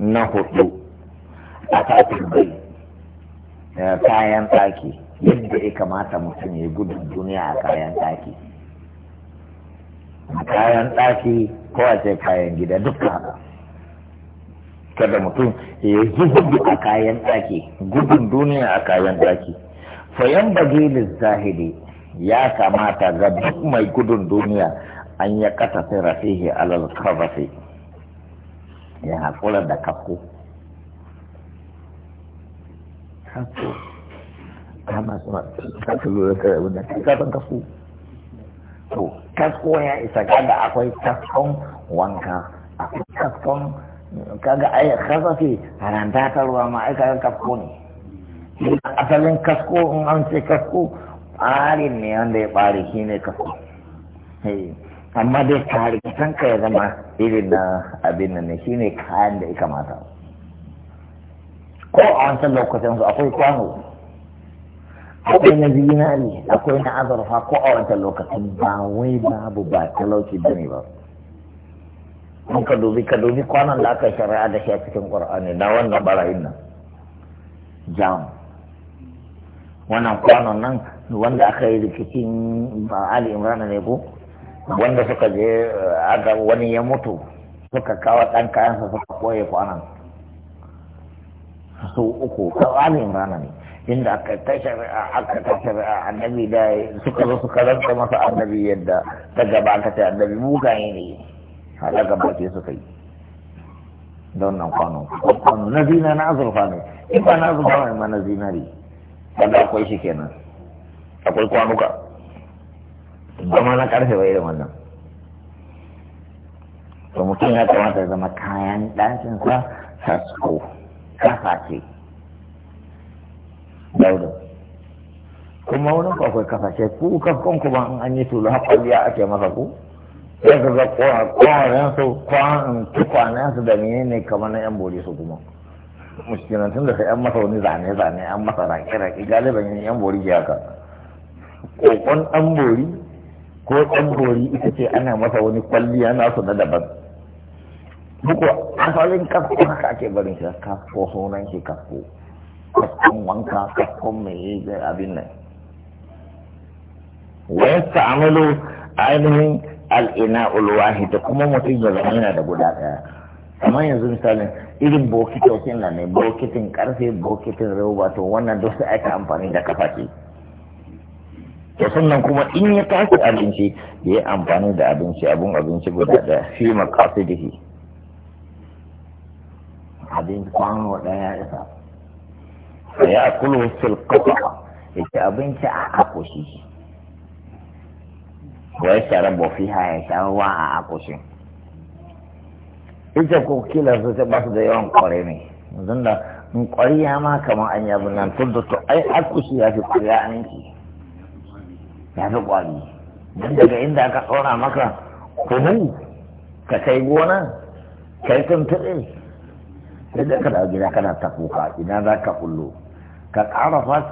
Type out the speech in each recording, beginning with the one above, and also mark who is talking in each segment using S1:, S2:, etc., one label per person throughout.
S1: na hudu a takin bai eh, kayan taki yadda ya kamata mutum ya gudun duniya a kayan taki kayan taki ko kayan gida duka kada mutum ya yi a kayan taki gudun duniya a kayan taki fayan bagilin zahiri ya kamata ga duk mai gudun duniya an ya kasa fihi alal kafafi ya haƙura da kakko kakko kama suna kakko lura kai wanda kakkan kakko to kakko ya isa kada akwai kakkon wanka akwai kakkon kaga ai kasafi haranta ta ruwa ma aika yin kakko ne asalin kasko in an ce kasko ɓarin ne wanda ya ɓare shi ne kasko amma dai tarikitan ka ya zama irin na abin nan ne kayan da ya kamata ko an san lokacin su akwai kwano akwai na zinari akwai na azurfa ko a wancan lokacin ba wai babu ba talauci ba ne ba in ka dubi ka dubi kwanan da aka shari'a da shi a cikin ƙur'ani na wannan barayin nan jam wannan kwanon nan wanda aka yi rikicin ali imrana ne ko wanda suka je eh, aka wani ya mutu suka kawo ɗan kayansa suka koye kwanan su uku tsawanin rana ne inda aka tashar a aka tashar annabi da suka zo suka rantsa masa annabi yadda ta gaba aka ce annabi mugaye ne haɗa gaba ce suka yi don nan kwano kwano na zina na azurfa ne in ba na azurfa ne ma na zinari wanda akwai shi kenan akwai kwanuka zama na karfe ba irin wannan to mutum ya kamata zama kayan ɗakin sa sasko kafa ce daudin kuma wani ku kafa ce ku kafkan ku ba an yi tulu biya ake masa ku Ya ka ga kwanan su kwanan tukwanen su da ne kamar na yan bori su kuma muskinan tun da sai an masa wani zane-zane an masa rake-rake galibin yan bori ke haka kokon an bori ko ɗan bori ita ce ana masa wani kwalliya nasu na daban muku asalin kasko haka ake barin shi kasko sunan shi kasko kaskon wanka kaskon mai abin nan wayan sa'amalu ainihin al'ina ulwahi da kuma mutum ya zama yana da guda ɗaya kamar yanzu misalin irin bokitokin nan ne bokitin karfe bokitin roba to wannan duk sai aka amfani da kafa ce da sannan kuma in ya tashi abinci da ya amfani da abinci abun abinci guda da fi makasu da shi abin kwano daya ya isa da ya kulu kafa ya ci abinci a akoshi wa ya shara bofi ha ya sha ruwa a akoshin ita ko kila su ta basu da yawan kware ne zan da in kwariya ma kamar an abin nan tun da to ai akushi ya fi kwariya aminci ya fi ƙwari don daga inda aka tsora maka kunu ka kai gona kai tuntuɓe sai da kada gida kana ta kuka ina za ka kullo ka ƙara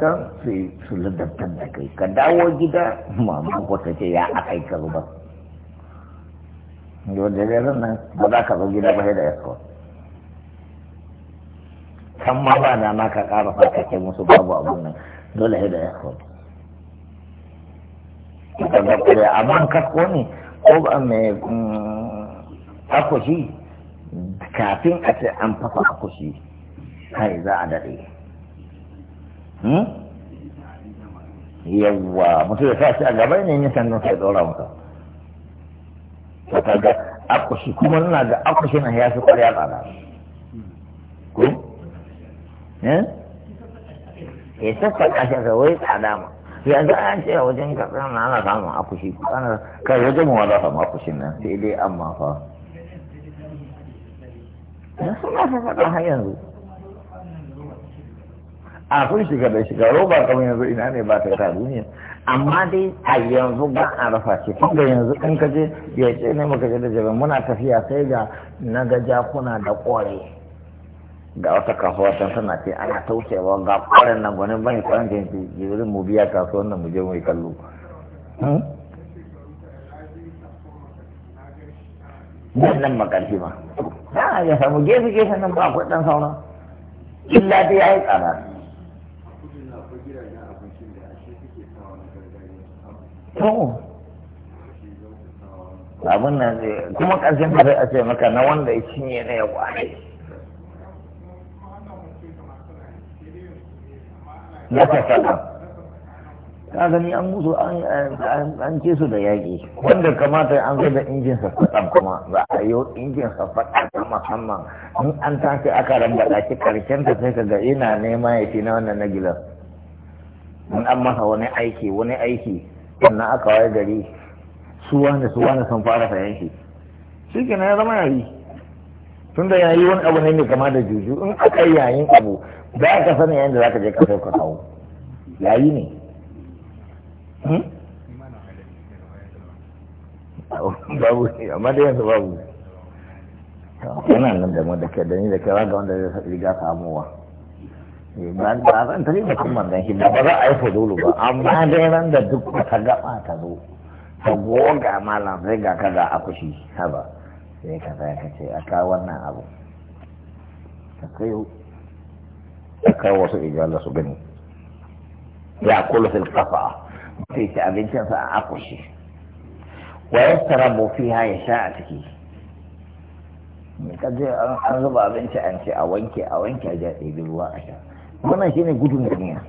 S1: sai su ladabtar da kai ka dawo gida mama ko ta ce ya aka yi karu ba yau da zai nan ba za ka zo gida ba sai da yasko kan ma ba dama ka ƙara fasa ke musu babu abun nan dole sai da yasko daga kure amma kasko ne ko ba mai mm, akushi kafin a ce an fafa akushi kai za a daɗe hmm? yawwa mutum ya sa shi a gaba ne yin don sai ɗora maka ta kaga akushi kuma nuna ga akushi na ya fi a tsada ko? eh? ya sassa ƙashin sa wai tsada ma yanzu an ce a wajen karɓar na ana samun akushi ana kai wajen mu za samu akushin nan sai dai amma fa na suna fa faɗa har yanzu a kun shiga da shiga roba kamar yanzu ina ne ba ta ta duniya amma dai a yanzu ba a rafa ce tunda yanzu in ka je ya ce ne muka je da jaban muna tafiya sai ga na ga jakuna da ƙore ga wata kasuwa can tana ce ana taucewa ga kwarin nan gwanin bai kwarin yanzu jirgin mu biya kasuwan nan mu je mu yi kallo hmm? nan nan makarfi ma a ya samu gefe gefe nan ba akwai dan sauran illa dai ya yi tsada abin nan eh, kuma ƙarshen da zai a ce maka na wanda ya cinye na ya kwaye ya ta faɗa ka gani an musu an ce su da yaƙi wanda kamata an zo da injin sassaƙan kuma za a yi injin sassaƙan ta musamman in an tashi aka rambaɗa shi karshen ta sai ka ga ina nema ya fi na wannan na gilas in an masa wani aiki wani aiki sannan aka waye gari su wani suwa wani sun fara sayan shi shi na ya zama yari tunda yayi wani abu ne mai kama da juju in aka yi yayin abu ba ka sani yayin da ka je ka sai ka kawo yayi ne babu amma da yanzu babu yana nan da da ke da ni da ba ga wanda riga samuwa ba zan tare da kuma dan shi ba za a yi fudulu ba amma dai ran da duk ta gaba ta zo ta goga malam sai ga kaza a kushi haba sai ka zai ka ce a kawo wannan abu ka kai a kawo wasu ijiyar su gani ya kula fil kafa sai ci abincinsa a akushi wa ya tsara mafi ha ya sha a ciki ka je an zuba abinci an ce a wanke a wanke a jaɗe ruwa a sha wannan ne gudun duniya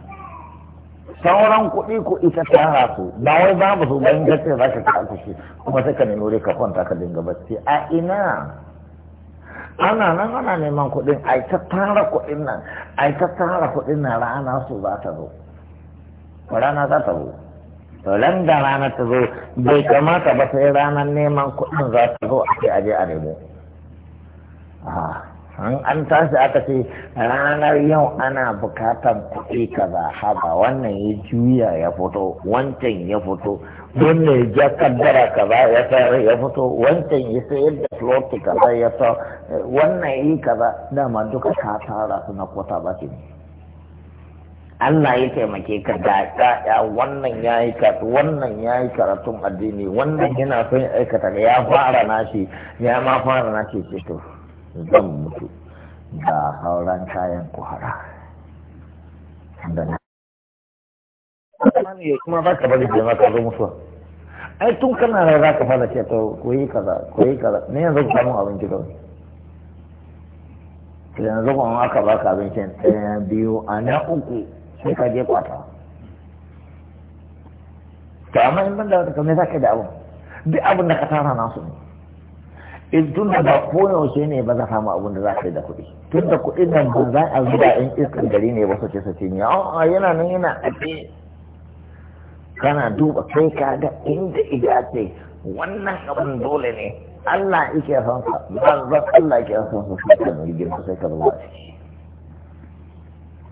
S1: sauran kuɗi ku ita tara su ba wai babu ba bayan gaske za ka kaɗa shi kuma sai ka nemi wuri ka kwanta ka dinga bacci a ina ana nan ana neman kuɗin a ta tara kuɗin nan a ta tara kuɗin nan rana su za ta zo rana za ta zo to nan da rana ta zo bai kamata ba sai ranar neman kuɗin za ta zo a ce aje a nemo ah. an tashi aka ce ranar yau ana bukatan kuɗi kaza haka wannan ya juya ya fito wancan ya fito wannan ya ja kaddara kaza ya sayar ya fito wancan ya sayar da floti kaza ya sa wannan yi kaza dama duka ka tara su na kwata ba ce. Allah ya taimake ka da ya wannan ya yi karatu wannan ya yi karatun addini wannan yana son aikata ya fara nashi ya ma fara nashi ce to zan mutu da hauran kayan kuhara da na kuma za ka bari da za zo mutuwa ai tun kana da za ka fara ce to koyi kaza koyi kaza ne yanzu ku samu abinci kawai yanzu kuma aka baka abincin ɗaya biyu a na uku sai ka je kwata to amma in ban da wata kamar za ka da abin duk abin da ka tara su ne in tun da koyaushe ne ba za a samu abin da za ka yi da kuɗi tun da kuɗi nan ba za a zuba in iskan gari ne ba su ce su ce ni a yana nan yana aje kana duba kai ka ga inda iga ce wannan abin dole ne Allah yake son sa manzon Allah yake son sa shi kan sai ka zuba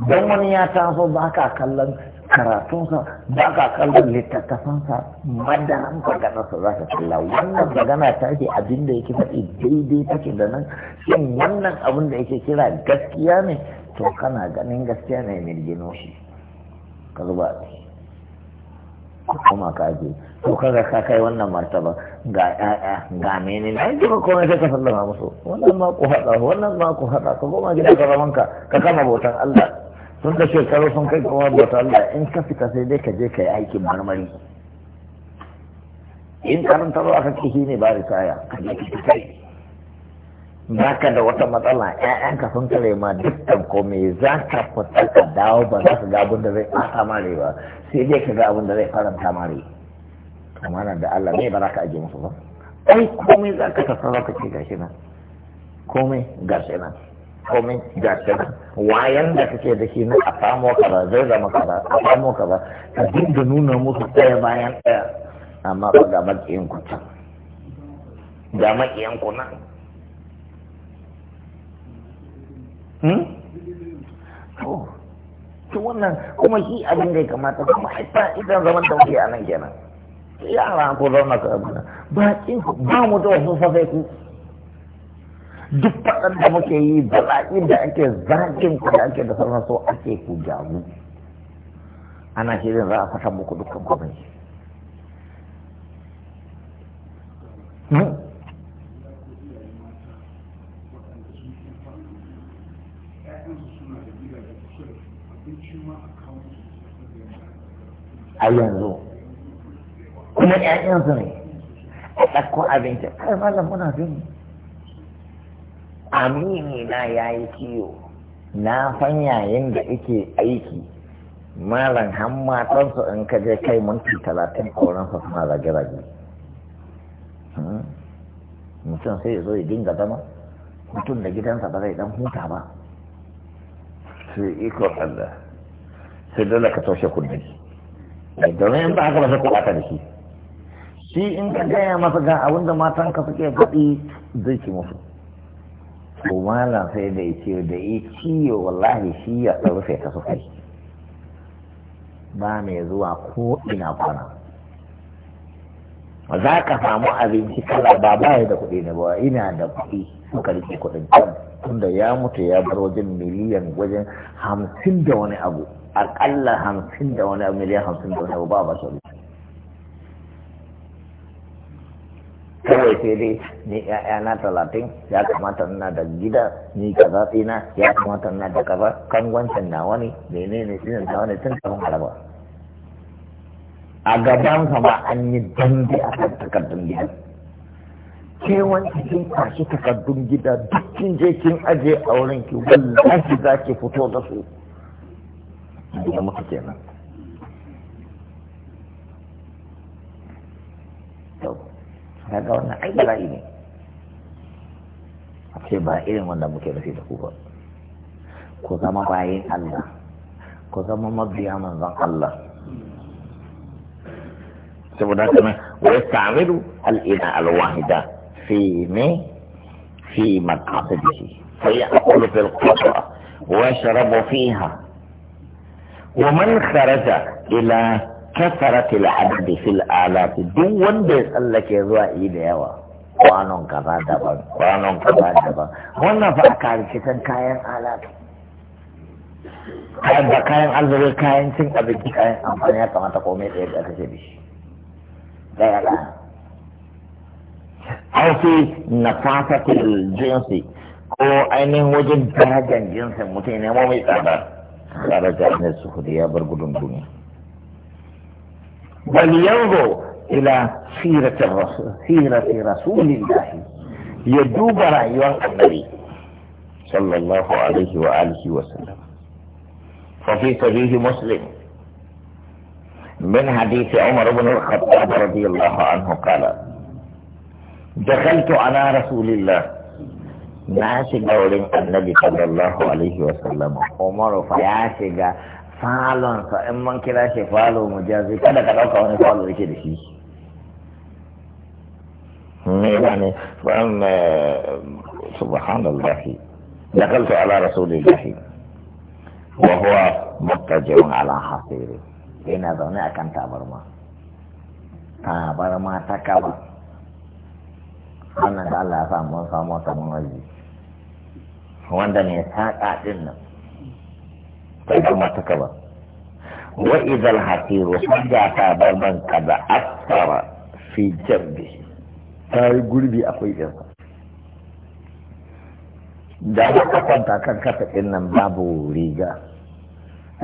S1: don wani ya taso ba ka kallon karatunsa ba ka kalbar littattafansa madaran maganarsa za ka tsalla wannan magana ta ke abin da yake faɗi daidai take da nan shin wannan abin da yake kira gaskiya ne to kana ganin gaskiya ne gino shi kalba zuba kuma ka je to kaga ka kai wannan martaba ga ƴaƴa ga menene ai duka komai sai ka sallama musu wannan ma ku haɗa wannan ma ku haɗa ka goma gida ka ramanka ka kama bautan Allah tun da shekaru sun kai kowa da ta Allah in ka fita sai dai ka je ka yi aikin marmari in karanta ruwa ka kishi ne ba ritaya ka je ka kai ba ka da wata matsala ƴaƴanka sun kare ma dukkan komai za ka fita ka dawo ba za ka ga abin da zai ɓata mare ba sai dai ka ga abin da zai faranta mare amana da Allah ne ba za ka ajiye musu ba ai komai za ka tafi za ka ce gashi nan komai gashi nan komai ga kai wayan da kake da shi na a samu kaza zai zama kaza a samu kaza ka dinga nuna musu ɗaya bayan ɗaya amma ba ga maƙiyan ku can ga maƙiyan ku nan hmm? to wannan kuma shi abin da ya kamata kuma haifa idan zaman da muke a nan kenan yara ko zauna ka abin ba ba mu da wasu safai ku duk faɗan da muke yi bala'in da ake zagin ku da ake da sauran so ake ku jamu ana shirin za a saka muku dukkan komai a yanzu kuma 'ya'yansu ne a ɗakko abinci kai malam muna gani amini na ya yi ciwo na fanya yadda ike aiki malam hamma matansu in ka je kai minti talatin aurensa suna rage-rage hmm? mutum sai ya zo ya dinga zama mutum da gidansa ba zai dan huta ba sai iko Allah sai dole ka toshe kudin eh, domin in ba haka ba sai kuɓata da shi shi in ka gaya masa ga abinda matanka suke faɗi zai ci musu to malam sai da ce da ya ciyo wallahi shi ya rufe ta sufai ba mai zuwa ko ina kwana za ka samu abinci kala ba ba da kuɗi ne ba ina da kuɗi suka rike kuɗin can tunda ya mutu ya bar wajen miliyan wajen hamsin da wani abu aƙalla hamsin da wani abu miliyan hamsin da wani abu ba ba sauri kawai sai dai ni ƴaƴana talatin ya kamata na da gida ni kaza tsina ya kamata na da kaza kan wancan na ne menene tsinan nawa wani tun kafin araba a gaban sama an yi dambe a kan takardun gida ke ki kin kwashi takardun gida dukkin kin je kin aje a wurin ki wallahi za ki fito da su da muka kenan kaga nak ai ini. ne ce ba irin wanda muke nufi da ku ba ku zama bayin Allah ku zama mabiya manzon Allah Sebenarnya haka nan wa yastamilu al-ina al-wahida fi me fi maqasidihi fa yaqulu fil qatra wa syarabu fiha Wa man kharaja ila kasaratil adadi fil alati duk wanda ya tsallake zuwa yi da yawa kwanon kaza daban kwanon kaza daban wannan fa aka rikitan kayan alati kayan da kayan arziki kayan cin abinci kayan amfani ya kamata ko ɗaya da aka ce da shi ɗaya aiki na fasatil jinsi ko ainihin wajen darajan jinsin mutum ne mai tsada tsara jami'ar su ya bar gudun duniya بل ينظر إلى سيرة الرسول سيرة رسول الله يدوب رأيه النبي صلى الله عليه وآله وسلم ففي سبيل مسلم من حديث عمر بن الخطاب رضي الله عنه قال دخلت على رسول الله na قول النبي صلى الله عليه وسلم عمر fa falonsa in man kira shi falo mujazi kada ka ɗauka wani falo yake da shi ne ba ne fa'an subhanallah dakaltu ala rasulillah wa huwa muttajirun ala hasiri Ina zaune akan tabarma tabarma ta kaba wannan da Allah ya sa mun samu wata mun wanda ne saƙa ɗin nan bai kamata ka ba wa idal hatiru hujja ta barban kada asara fi jambi ta yi gurbi akwai yansa da ka kwanta kan kasa din nan babu riga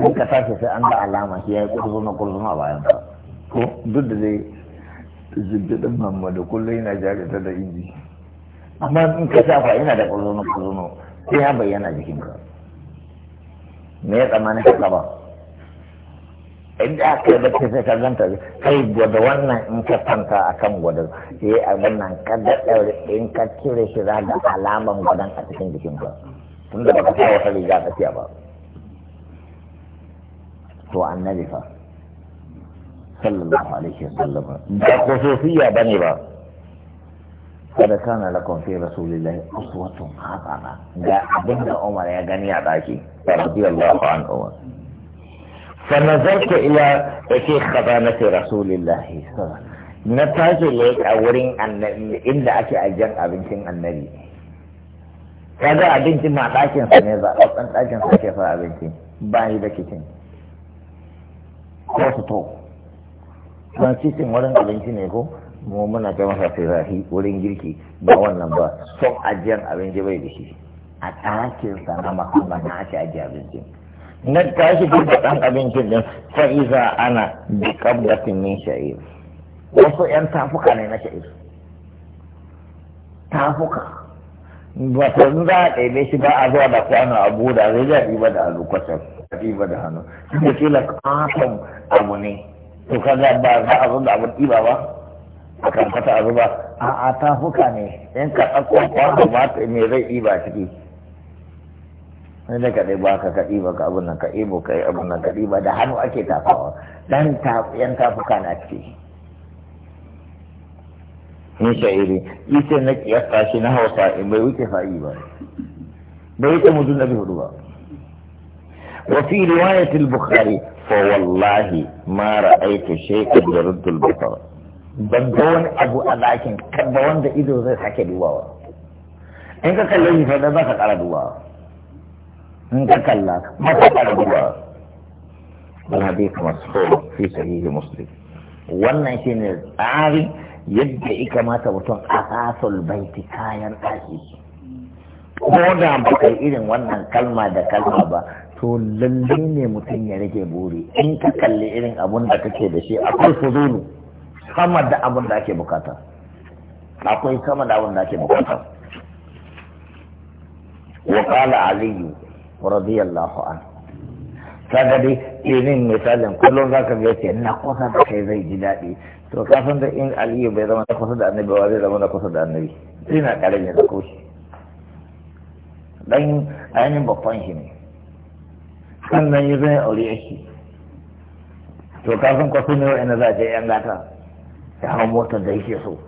S1: in ka tashi sai an ga alama shi ya yi na kurzuma a bayan ka ko duk da zai zubbiɗin mamadu kullum yana ta da inji amma in ka shafa yana da kurzuma kurzuma sai ya bayyana jikinka me ya tsamanin ka ba inda aka yi bacci sai ka ganta kai gwada wannan in ka fanta a kan gwada sai eh, a wannan ka daɗa in ka cire shi za da alaman gwadon a cikin jikin ka da ba ka sa wata riga tsakiya ba to annabi fa sallallahu alaihi wasallam ba ko sofiya bane ba kada kana kon fi rasulillahi uswatun hasana ga abin da Umar ya gani a daki radiyallahu anhu fa nazarta ila fi khabanati rasulillahi na tashi ne a wurin annabi inda ake ajiyar abincin annabi kaga abincin ma dakin sa ne za a ɗan dakin sa ke fara abinci bayi da kicin ko su to ban kicin wurin abinci ne ko mu muna ta masa firahi wurin girki ba wannan ba son ajiyar abinci bai da shi a ɗakin sa na muhammad na ake ajiye abinci. na tashi duk da ɗan abincin din fa'iza ana bi kabdatin min sha'ir wasu ƴan tafuka ne na sha'ir tafuka ba ta za a ɗaiɗe shi ba a zuwa da kwano a buda zai ja ɗiba da hannu kwatar ɗiba da hannu shi da kila katon abu ne to kaga ba za a zo da abu ɗiba ba a kan kata a ba a a ta huka ne in ka ɗauko kwano ba ta me zai iba ciki sai da ka ba ka kaɗi ba ka abin nan ka ibo ka yi abin nan ka ba da hannu ake tafawa dan yan tafuka na ciki ni sha'iri ita na kiyasta shi na hausa in bai wuce fa'i ba bai wuce mutum na hudu ba وفي رواية البخاري فوالله ما رأيت شيئا يرد البصر ban wani abu a ɗakin ba wanda ido zai sake dubawa in ka kalle shi sai za ka ƙara dubawa in ka kalla ba ka ƙara dubawa bal hadith masfur fi sahihi muslim wannan shine tsari yadda ya kamata mutum a asul baiti kayan ɗaki ko da ba kai irin wannan kalma da kalma ba to lalle ne mutum ya rage buri in ka kalli irin abun da kake da shi akwai fuzulu sama da abin da ake bukata akwai sama da abin da ake bukata wa qala aliyu radiyallahu an kaga dai irin misalin kullum za ka ce na kusa da kai zai ji daɗi to kafin da in aliyu bai zama na kusa da annabi ba zai zama na kusa da annabi sai na ƙarami da koshi dan ainihin babban shi ne sannan yi zai aure shi to kafin kwasu ne wa'ina za a ce yan gata ya hau motar da yake so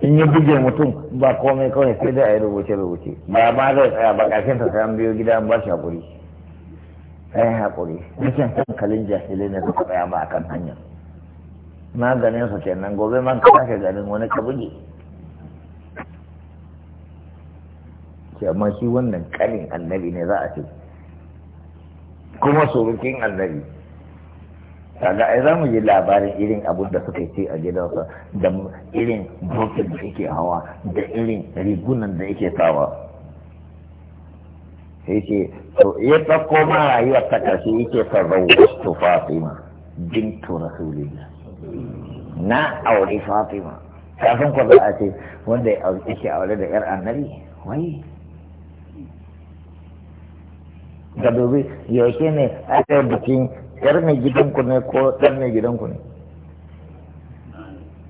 S1: in yi buge mutum ba komai kawai sai da a yi rubuce-rubuce ba ma zai tsaya ba ƙarshen ta sayan biyo gida ba shi haƙuri sai haƙuri rashin hankalin jahilai ne suka tsaya ba a kan hanyar maganin su kenan gobe man ka ke ganin wani ka buge ce amma shi wannan ƙarin annabi ne za a ce kuma surukin annabi kaga ai za mu yi labarin irin abun da suka ce a gidansa da irin bokin da yake hawa da irin rigunan da yake sawa sai ce to ya ta koma rayuwa ta ƙarshe yake son rawastu fatima bintu rasulillah na aure fatima kafin ku za a ce wanda ya yake aure da yar annabi wai ga yau yaushe ne aka bikin yar mai gidanku ne ko ɗan mai gidanku ne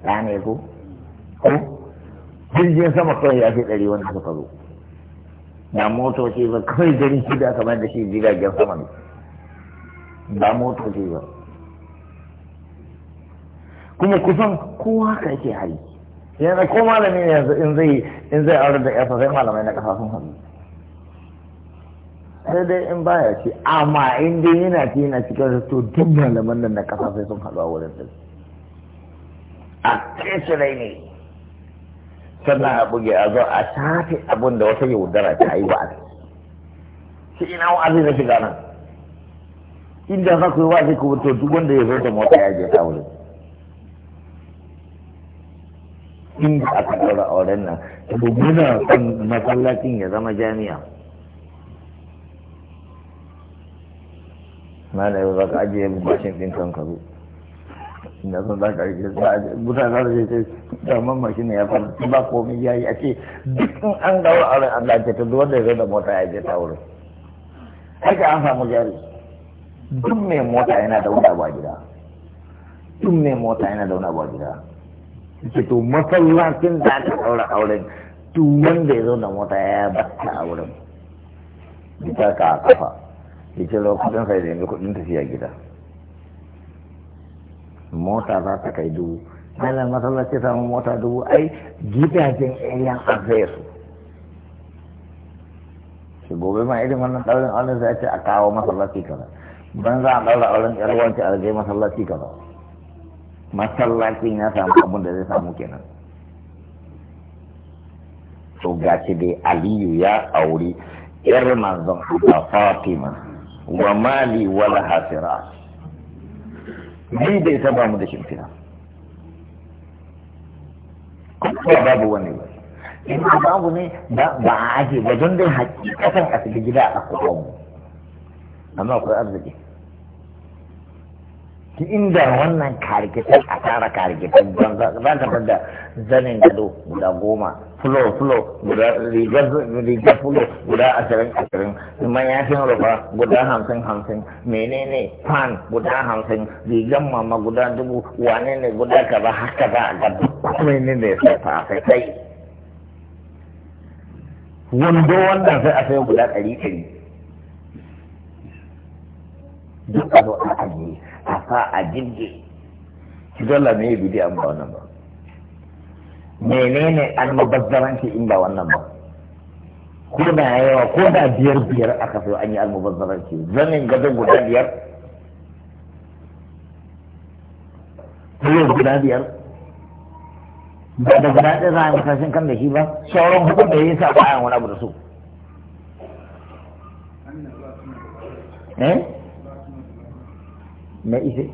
S1: ya ne ku jirgin sama kawai ya fi ɗari wanda suka zo na motoci ba kawai shi shida kamar da shi jiragen sama ne ba motoci ba kuma kusan kowa ka yake hari yanzu ko malami ne yanzu in zai in zai aure da yasa sai malamai na kafa sun hannu sai dai in baya ce amma in dai yana ci yana cikin to duk malaman nan na kasa sai sun haɗu a wurin din a kesirai ne sannan a buge a zo a shafi abin da wata yaudara ta yi ba shi ina wa'azi na shiga nan inda za ku yi wa'azi ku to duk wanda ya zo da mota ya je ta wurin inda aka ɗaura auren nan to muna son masallacin ya zama jami'a mana yau za ka ajiye bashin ɗin kan ka zo inda sun za ka ajiye za a buta za ce daman mashin ya fara ba ya yi a ce duk in an gawo a rai an dace ta duwanda ya zo da mota ya je ta wurin haka an samu jari duk mai mota yana da wuna ba gida duk mai mota yana da wuna ba gida ce to masallacin da aka ɗaura auren duk wanda ya zo da mota ya bata a wurin bisa ka a kafa ya ce kudin sai da kudin tafiya gida mota za ta kai dubu malam masallaci samun mota dubu ai gidajen ayyan an saya su shi gobe ma irin wannan ɗaurin aure sai ce a kawo masallaci kaza ban za a ɗaura auren yarwanci a je masallaci kaza masallacin ya samu abin da zai samu kenan to gaci dai aliyu ya auri yar manzon a Fatima wa mali wala hasira ni da ita ba mu da shimfina kuma babu wani ba in babu ne ba a ake ba don dai hakikatan a cikin gida a kuma amma akwai arziki ki inda wannan karikitar a tara karikitar don za ta da zanin gado guda goma fulo fulo guda rigar fulo guda ashirin ashirin mayafin rufa guda hamsin hamsin menene fan guda hamsin rigar mama guda dubu wane ne guda kaza haka za a gado kuma ne ne sai fa sai kai wando wannan sai a sai guda ɗari ɗari duk a zo a ajiye a sa a jirgi shi dole ne ya bude an ba wannan ba menene an mabazzaranci in ba wannan ba ko da yawa ko da biyar biyar aka so an yi almubazzaranci zanin gadon guda biyar biyar guda biyar ba da guda ɗaya za a yi kasashen kan da shi ba sauran hukun da ya yi a bayan wani abu da su eh na ishe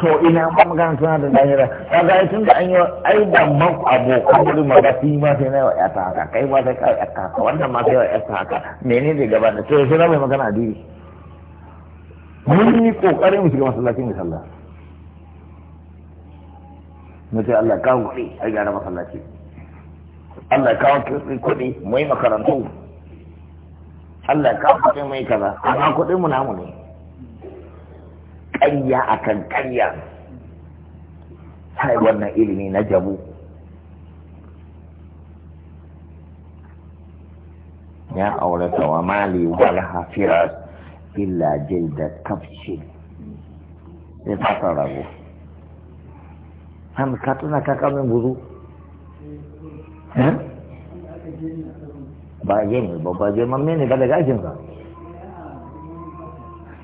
S1: to ina ma magana suna da lahira kaga ai tun da an yi ai da man abu gudu ma ba fi ma sai na wa yata haka kai ma sai kai yata haka wannan ma sai wa yata haka menene da gaba da to sai na mai magana a diri mun yi kokarin mu shiga masallacin mu sallah mu ce Allah kawo kuɗi ai gara masallaci Allah kawo kuɗi mu yi makarantu Allah kawo kuɗi mu yi kaza amma kuɗin mu namu ne ƙarya akan kanya sai wannan ilimi na jabu ya aurata wa mali wal hafiras illa jilda kafshi sai fata rago han ka tuna ka kamin buru ba yin ba ba je mamme ne ba da gashin ka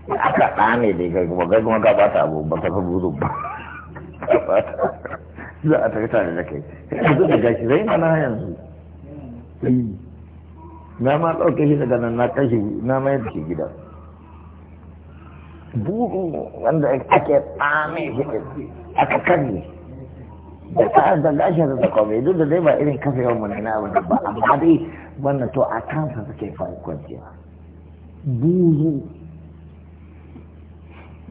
S1: aka ɗane da kai kuma kai kuma ka ta abu ba ka buzu ba za a tafi tare da kai yanzu da gashi zai mana yanzu eh. na ma ɗauke shi daga nan na kashi na mayar da shi gida buru wanda ake ɗame shi aka karye da ta da gashin da mai duk da dai ba irin kafewar mu ne na abu ba amma dai wannan to a kansa suke faruwa kwanciya buru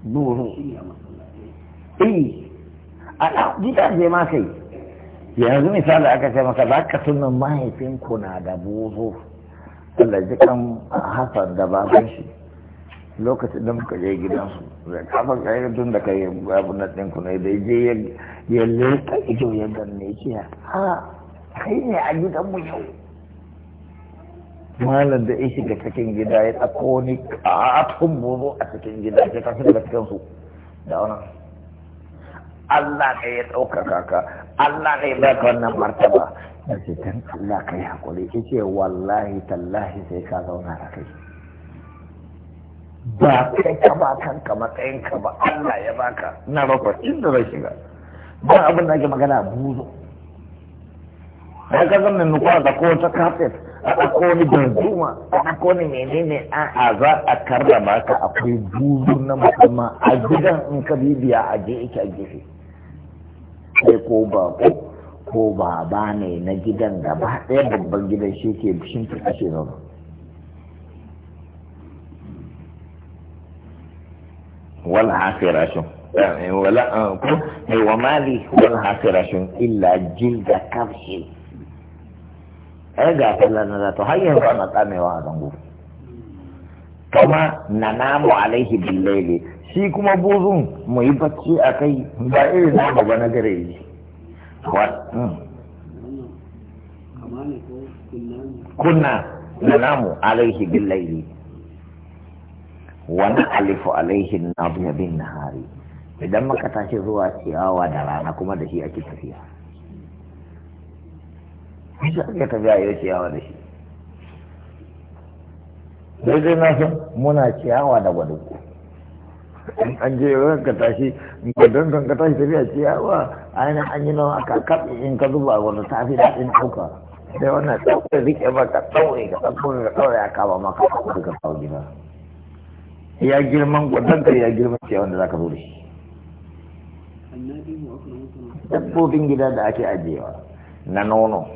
S1: duhu eh a je ma kai yanzu misali aka ce maka za ka tuna mahaifinku na da buhu Allah ji kan hasar da baban shi lokacin da muka je gidansu da kafin kayan tun da kai abu na ɗinku ne da je ya leka ido ya ganne shi ha kai ne a gidanmu yau malam da ya shiga cikin gida ya tsako wani ƙatun bono a cikin gida ya tafi daga cikin su da wani Allah ne ya ɗaukaka ka Allah ne ba ka wannan martaba da ce kan Allah ka yi haƙuri ya ce wallahi tallahi sai ka zauna da kai ba kai ka ba kanka matsayin ka ba Allah ya baka na bakwai inda zai shiga ba abin da ake magana buzo ya ka zama nukwa da kowace kafet ko ni wani ganduma a ko ni menene a a za a karrama ka akwai buzu na musamman a gidan in ka bibiya a je ike a gefe sai ko ba ko ba ne na gidan gaba ɗaya babban gidan shi ke shimfiɗa shi nono wal hasirashin eh, wala eh, ko eh, wa mali wal hasirashin illa jilda kafshin ai eh, ga sallar na zato har yanzu ana tsamewa a zango Kuma na namu alaihi billaili shi kuma buzun mu yi bacci a kai ba irin na gaba na gare yi hmm. kunna na namu alaihi billaili wani alifu alaihi na bin nahari idan muka tashi zuwa ciyawa da rana kuma da shi ake tafiya shi ake tafiya yau ciyawa da shi daidai na san muna ciyawa da gwadugu in an je ran ka tashi in gwadon kan ka tashi tafiya ciyawa ainihin an yi nawa ka kaɗe in ka zuba wani tafi da daɗin ɗauka sai wannan tsawon rike ba ka tsawai ka tsawai ka tsawai ya kama maka ka ka kawo gina ya girman gwadon ka ya girman ciyawan da za ka zo da shi dabbobin gida da ake ajiyewa na nono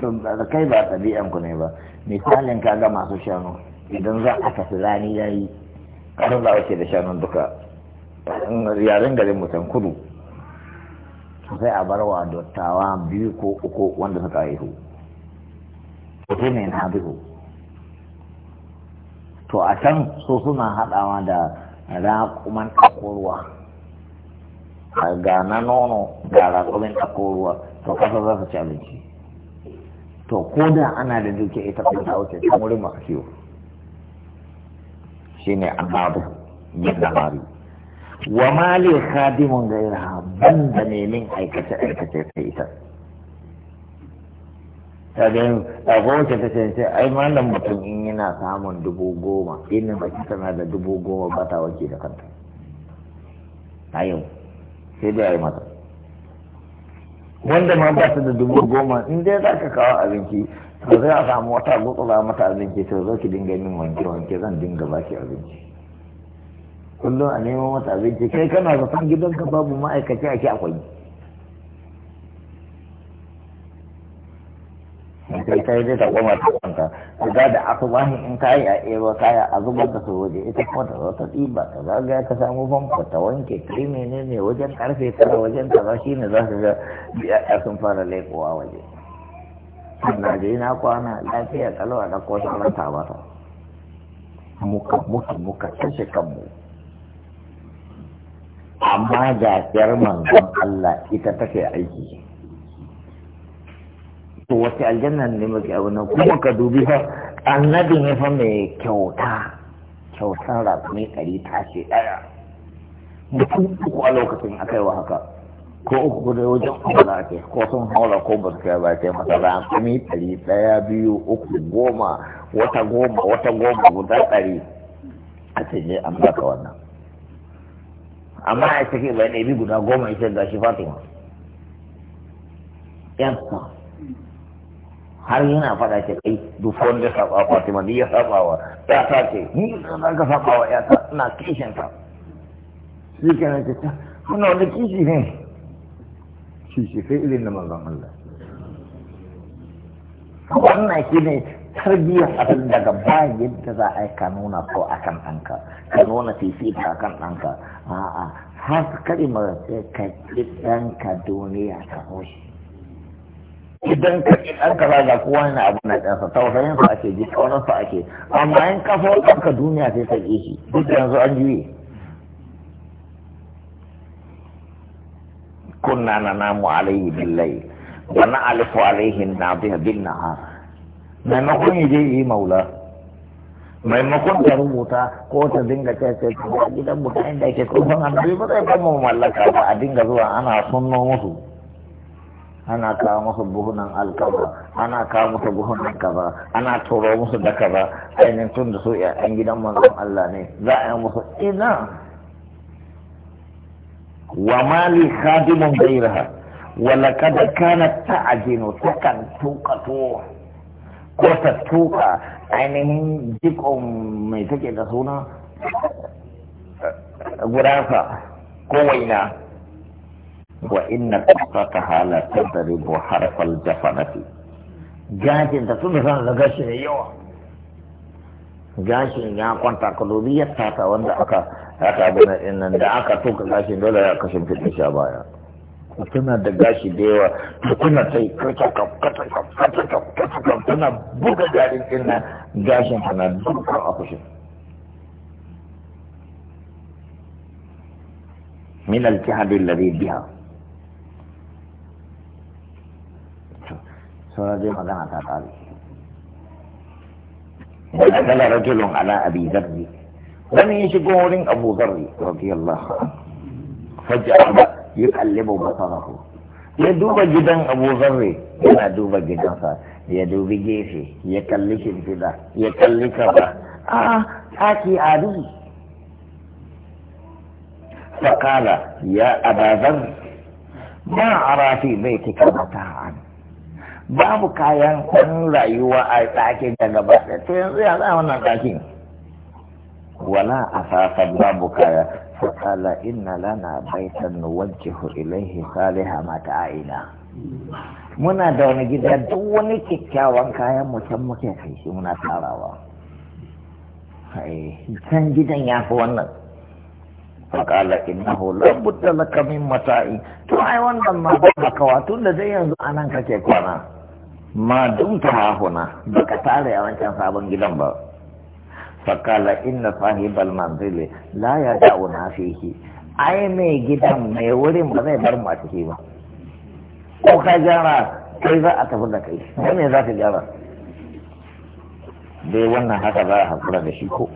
S1: da kai ba ɗabi'an ku ne ba misalin ka ga masu shanu idan za a tafi rani ya yi ƙarar da wace da shanun duka yaren garin mutan kudu sai a bar wa dottawa biyu ko uku wanda suka haihu kudu ne na biyu to a can so suna haɗawa da raƙuman ɗakoruwa ga na nono ga raƙumin ɗakoruwa to kasa za su ci abinci to ko da ana da duke ita ko ta wuce ta wurin masu kiwo shi ne annabi yin labari wa mali khadimun gaira ban da nemin aikace aikace ta ita ta a yin ɗagowace ta ce ai malam mutum in yana samun dubu goma ina ki tana da dubu goma ba ta wake da kanta ayo yau sai dai ya yi mata wanda ma ba su da dubu goma in dai za ka kawo abinci to zai a samu wata gutsura mata abinci to zo ki dinga min wanke wanke zan dinga ba baki abinci kullum a neman mata abinci kai kana zaton gidanka babu ma'aikaci ake akwai kai kai dai ta koma ta kwanta Ku ga da asubahin in kai a ewa kaya a zubar da su waje ita kuma ta zo ta tsiba ta ga ka samu famfo ta wanke kai menene wajen karfe tara wajen ba, shi ne za ka ga biya sun fara laikowa waje na je na kwana lafiya kalwa da ko ta ta ba ta muka muka muka kashe kanmu amma gafiyar manzon Allah ita take aiki to wace aljanna ne mafi abu nan kuma ka dubi fa annabi ne fa mai kyauta kyautar rakumi ɗari tashi ɗaya mutum uku a lokacin aka yi wa haka ko uku da wajen kuma ake ko sun haura ko ba su kai ba ce masa rakumi ɗari ɗaya biyu uku goma wata goma wata goma guda ɗari a ce je an baka wannan amma a ce bai ɗabi guda goma ita da shi fatima sa. har yana faɗa ce kai duk wanda saba Fatima ni ya saba wa ta ta ce ni zan ka saba wa ya ta ina kishin ka shi kenan na ta kuna wani kishi ne kishi sai irin na manzon Allah wannan shi ne tarbiyyar abin daga ba da za a yi ka nuna ko a kan ɗanka ka nuna fifita a kan ɗanka a'a har kalmar sai ka ɗanka duniya ta hoshi idan ka ɗan ka zaga kowa yana abu na ɗansa tausayin sa ake ji kaunar sa ake amma in ka so ka duniya sai sai shi duk yanzu an juye kunna na namu alayhi billahi wa na alifu alaihi na biya bin na ha maimakon ya je yi maula maimakon ta rubuta ko ta dinga ce ce a gidan mutane da ke kofan annabi ba zai mu mallaka ba a dinga zuwa ana sunno musu ana kawo musu buhunan alkaba ana kawo musu buhunan kaza ana turo musu da kaza ainihin tun da su yayan gidan manzon Allah ne za a yi musu ina wa mali khadimun gairaha wa laqad kanat ta'jinu takan tuqatu ko ta tuka ainihin jikon mai take da suna gurasa ko waina وإن قطتها لا تضرب حرف الجفنة جاشين تسمى سان لغشين يوا جاشين يا قنطا قلوبية ساتا وند أكا أكا بنا إن ند أكا توك جاشين دولا يا كشم في الشابايا كنا دغاشي ديوا كنا تي كتا كتا كتا كتا كتا كنا بوغا جارين كنا جاشين كنا بوغا أكشم من الجهاد الذي بها sauran zai magana ta kare wanda kala rajulun ala abi zarri wani ya shigo wurin abu zarri radiyallahu fajja'ala yuqallibu basarahu ya duba gidan abu zarri yana duba gidansa ya dubi gefe ya kalli shimfiɗa ya kalli kaba a taki adu faƙala ya abazar ma a rafi bai tika mata'an babu kayan kun rayuwa a ɗakin da gaba ta yanzu ya za wannan ɗakin wala a asasa babu kaya fakala inna lana baitan nuwajjihu ilaihi saliha aina. muna da wani gida duk wani kyakkyawan kayan mu can muke kai shi muna tarawa can gidan ya fi wannan faƙala innahu labudda laka min mata'i to ai wannan ma ba makawa tun da dai yanzu anan kake kwana ma ta hahuna baka tare a wancan sabon gidan ba fakala inna sahibal manzili la ya na fihi ai mai gidan mai wurin ba zai bar mu a ciki ba ko ka gyara kai za a tafi da kai ne za ka gyara dai wannan haka za a hakura da shi ko